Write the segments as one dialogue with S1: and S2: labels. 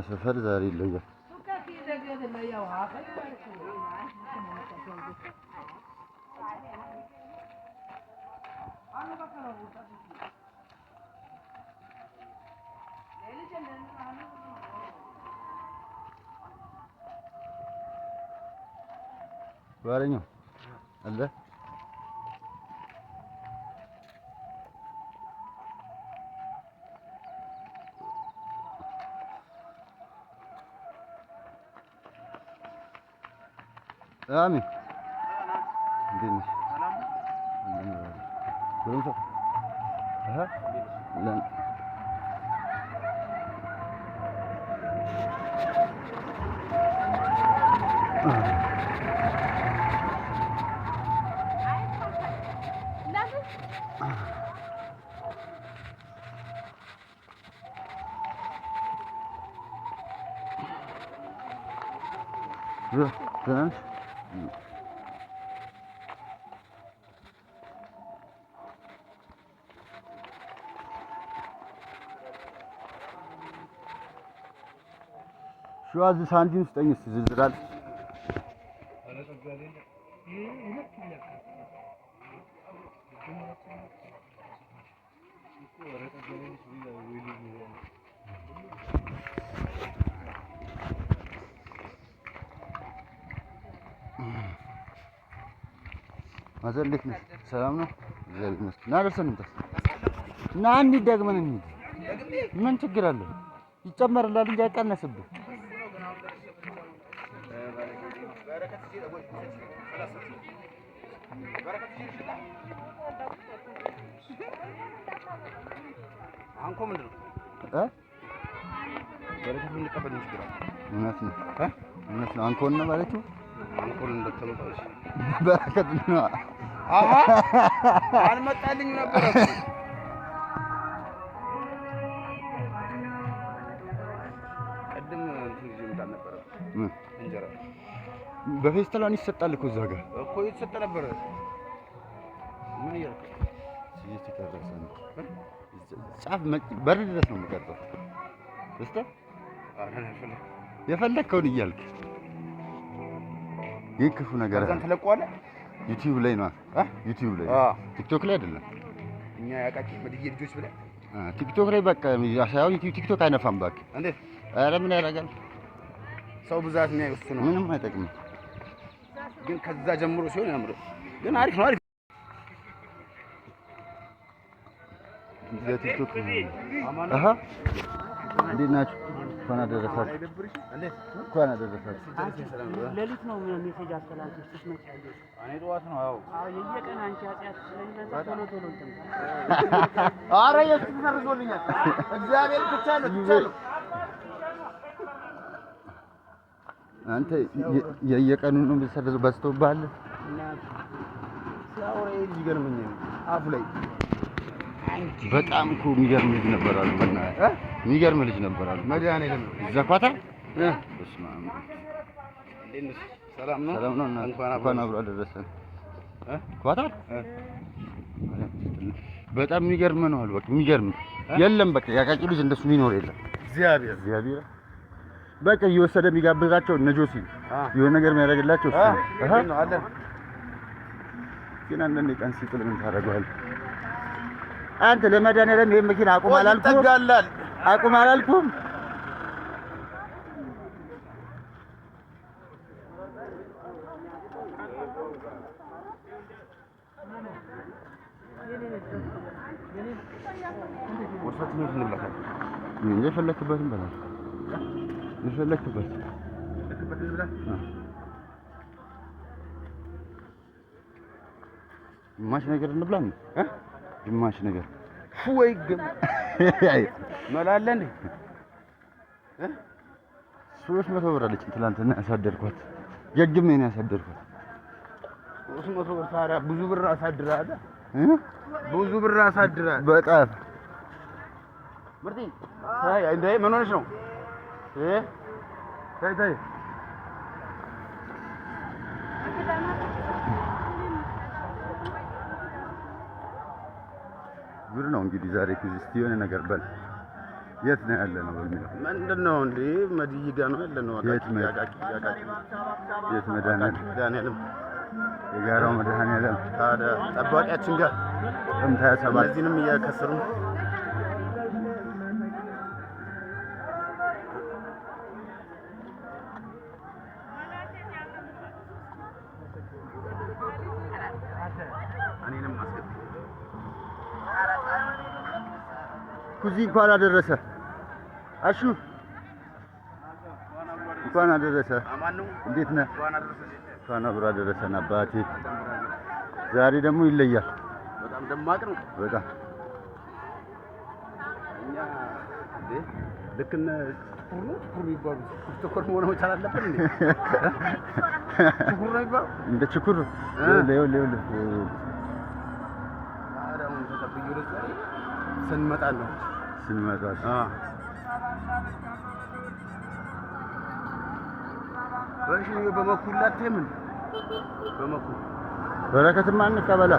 S1: અહીંયા સફર જારી લઈએ വേറെ അല്ലേ Amin. እንዴት ነሽ? ሰላም ነው። አሃ thanks. Şu Aziz Handin Üstengin sizizdir. አዘር እንዴት ነህ? ሰላም ነው። ዘል መስኪና ደርሰን እንምጣስ እና አንድ ደግመን እንሂድ። ምን ችግር አለ? ይጨመርላል እንጂ አይቀነስብህ። አንኮ ምንድን ነው እ
S2: በረከት የምንቀበል ምን ችግር አለ? እውነት ነው እ
S1: እውነት ነው። አንኮን ነው ማለችው።
S2: አንኮን እንደተመጣለሽ
S1: በረከት ነው
S2: አልመጣልኝ ነበር። ነበረ
S1: እንጀራ ይሰጣል እኮ እዛ ጋር
S2: እኮ ይሰጥ ነበረ። ምን እያልክ
S1: ጻፍ በር ድረስ ነው የምቀርጠው። እስተ የፈለግከውን እያልክ ይህ ክፉ ነገር ተለቋለ ዩቲዩብ ላይ ነው። ዩቲዩብ ላይ ቲክቶክ ላይ አይደለም።
S2: እኛ ያውቃችሁ መድዬ ልጆች ብለህ
S1: ቲክቶክ ላይ በቃ ያሳያው ቲክቶክ አይነፋም። ባክ እንዴት? ኧረ ምን ያደርጋል
S2: ሰው ብዛት ነው እሱ
S1: ነው። ምንም አይጠቅም።
S2: ግን ከዛ ጀምሮ ሲሆን ያምር። ግን አሪፍ ነው፣ አሪፍ
S1: ቲክቶክ አሃ እንዴት ናችሁ? እንኳን አደረሳችሁ። እንኳን አደረሳችሁ።
S2: ሌሊት ነው ሜሴጅ እኔ ጠዋት ነው። አዎ፣ የየቀን አንቺ ስለሚበዛ ቶሎ ቶሎ እንትን። ኧረ ተርዞልኛል። እግዚአብሔር ብቻ ነው ብቻ ነው።
S1: አንተ የየቀኑን ነው በዝቶብሃል። አፉ ላይ በጣም እኮ የሚገርም ልጅ ነበር አሉ። የሚገርም ልጅ ነበር አሉ። ዘኳታ ሰላም ነው። እንኳን አብሮ አደረሰን። ኳታ በጣም የሚገርም ነው አሉ። በቃ የሚገርም የለም። በቃ ያቃቂ ልጅ እንደሱ የሚኖር የለም። እግዚአብሔር እግዚአብሔር በቃ እየወሰደ የሚጋብዛቸው እነ ጆሲ የሆነ ነገር የሚያደርግላቸው እሱ
S2: ነው። አሃ
S1: ግን አንዳንዴ ቀን ሲጥል ምን ታደርገዋለህ? አንተ ለመድኃኒዓለም ይሄን መኪና አቁም አላልኩም? አቁም አላልኩም? የፈለክበትን በላ የፈለክበት ማሽ ነገር እንብላ ነው። ግማሽ ነገር ወይ ግም መላለ እንዴ ሶስት መቶ ብር አለች። ትናንትና ያሳደርኳት የግም ነው ያሳደርኳት።
S2: ሶስት መቶ ብር ታዲያ ብዙ ብር አሳድራለ፣ ብዙ ብር አሳድራለ። በጣም ምርጥ። አይ እንዴ ምን ሆነሽ ነው? እ ታይ ታይ
S1: ጉድ ነው እንግዲህ ዛሬ ኪዝ የሆነ ነገር በል። የት ነው ያለ ነው በሚለው
S2: ምንድን ነው እንዴ? መድይጋ ነው ያለ ነው።
S1: የት መድኃኒዓለም የጋራው መድኃኒዓለም
S2: ታዲያ ጠባቂያችን ጋር
S1: እምታያ ሰባ እዚህንም እያከሰሩ ኩዚ እንኳን አደረሰ። አሹ እንኳን አደረሰ። እንዴት ነህ? እንኳን አብሮ አደረሰን አባቴ። ዛሬ ደግሞ ይለያል።
S2: በጣም ደማቅ ነው። በጣም ልክ እነ ኩሩ ይባሉ ትኩር መሆን መቻል አለብን። ኩሩ ነው ይባሉ
S1: እንደ ችኩር ሌው ሌው ሌው ስንመጣ ነው ስንመጣ
S2: እሺ በመኩል ላቴምን በመኩል
S1: በረከትማ እንቀበላ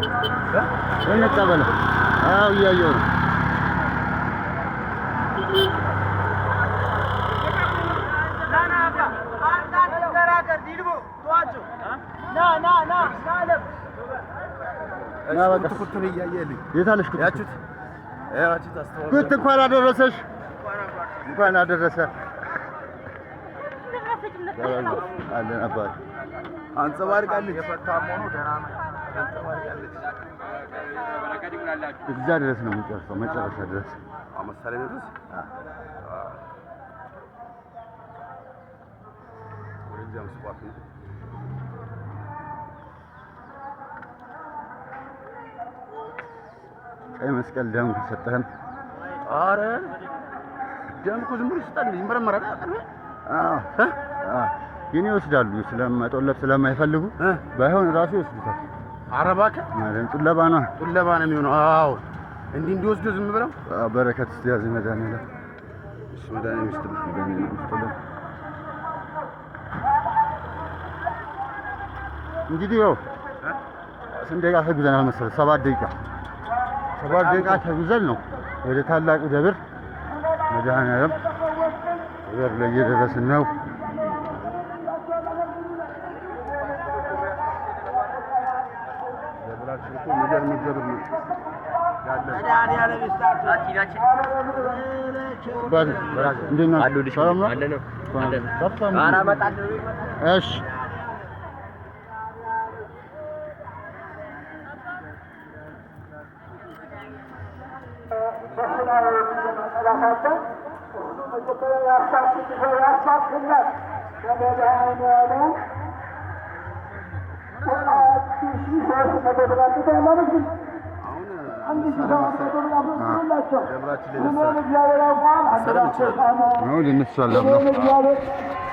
S1: እንቀበላ። አዎ እያየሁ ነው። ና በቃ ጉት እንኳን አደረሰሽ፣ እንኳን አደረሰ። አለን አባት
S2: አንጸባርቃለች።
S1: እዛ ድረስ ነው የሚጨርሰው፣ መጨረሻ ድረስ መሳሪያ መስቀል ደም ሰጠህን።
S2: አረ ደም እኮ ዝም ብሎ ይሰጣል። ይመረመራል።
S1: ግን ይወስዳሉ፣ ስለመጦለብ ስለማይፈልጉ ባይሆን እራሱ ይወስዱታል። አረ እባክህ ጡለባ ነው
S2: ጡለባ ነው የሚሆነው። አዎ እንዲህ እንዲወስዱ ዝም ብለው
S1: በረከት ስትያዝ መድኃኒዓለም እንግዲህ ያው ስንት ደቂቃ ፈግዘናል መሰለህ? ሰባት ደቂቃ ሰባት ደቂቃ ተጉዘን ነው ወደ ታላቁ ደብር መድኃኔዓለም ደብር ላይ እየደረስን ነው። ሰላም ሰው ያሳፍናል። በመድኃኔ ዓለም ሰባት ሺህ ሶስት መቶ ብላችሁ ተማመችን አንድ ሺህ